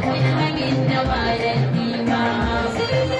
akwai hagin da ba da nima.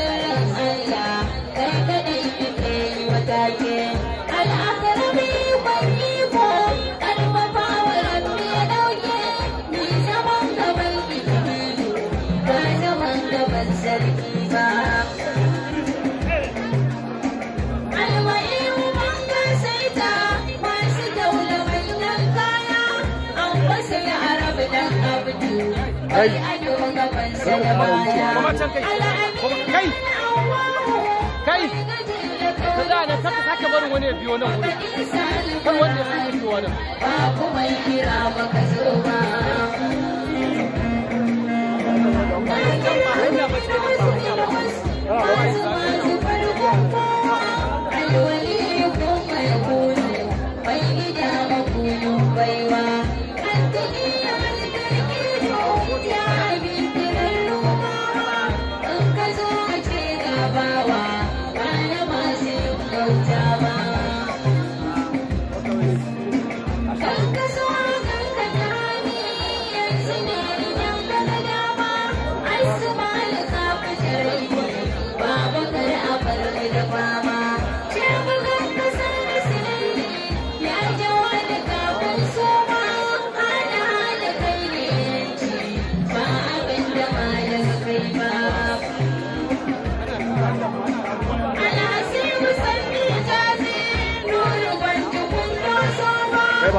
kai kai kai, za kaka sake barin wani ya biyo nan wuri kan wanda ya ba kuma kira ba ka zo ba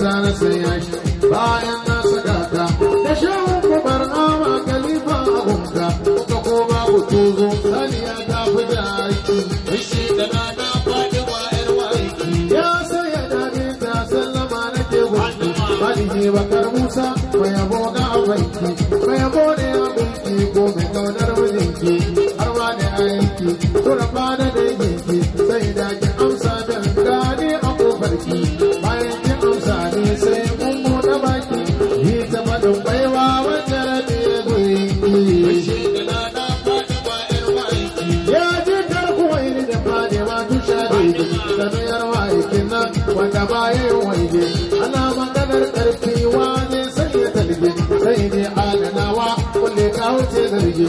sana sai ya shi bayan na saka ta da shehu kubar nama kalifa a kuka koma ku tuzo ya ta fi da aiki rishi da na na faɗi wa ƴar waiki ya sai ya dame ta sallama na ke gudu bani ne bakar musa mai yabo ga abaiki mai yabo ne abinki ko mai kaunar mijinki har ma da aiki tura ba wanda bayan waje ana maganar karfi wane sai ya talge sai ne adanawa kulle ta wuce zargi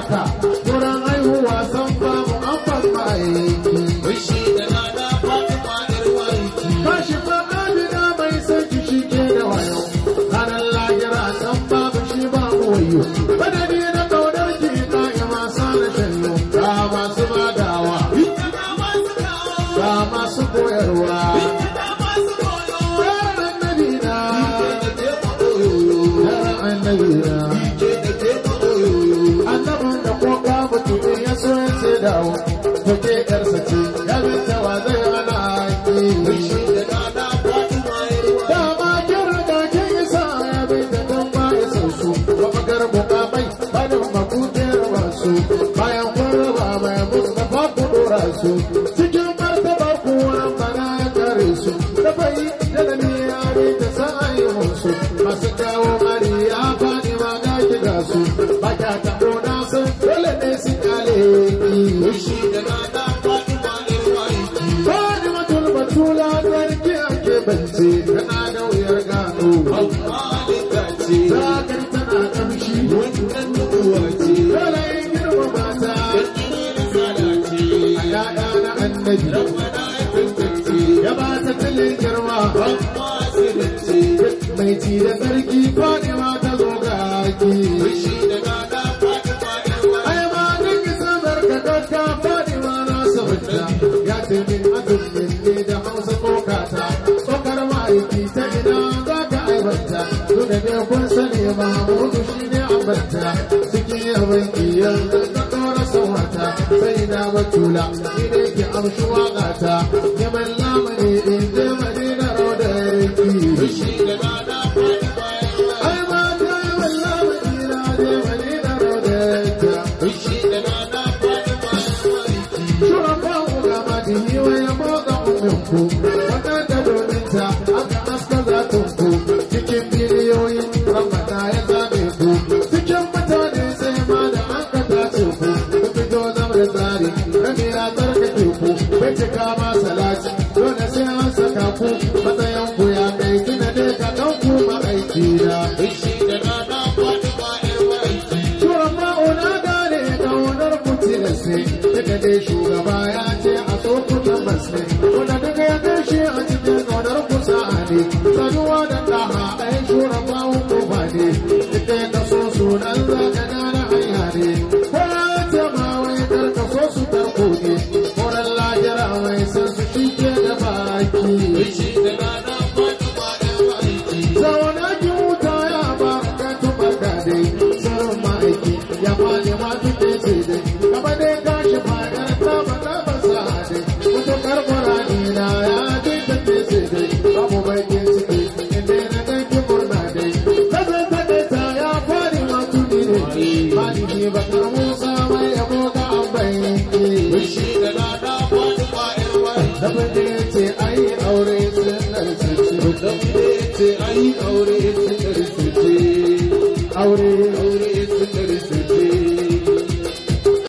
Rasta. Thank you. ci da sarki ma ta zo ga haki. Wishi da nana fadima da wani. Ai ma duk sanar ka dakka ma na sabunta. Ya ce min abin lalle da hausa ko kokata. Tsokar ma'aiki ta ina za ka aibanta. Tuna ne kun sani Mahmudu shi ne ambata. Suke yawan iya ta ɗora sauwata. Sai na batula, ni ne ke amshi waƙata. shugaba ya ce a tsokutan basne wanda daga ya gaishe a cikin ƙaunar kusa ne saduwa da ɗaha ai shuran bawon kofa ne ita ya kaso sunan zaka na hanya ne ko ya ce ma wai so su tarko ne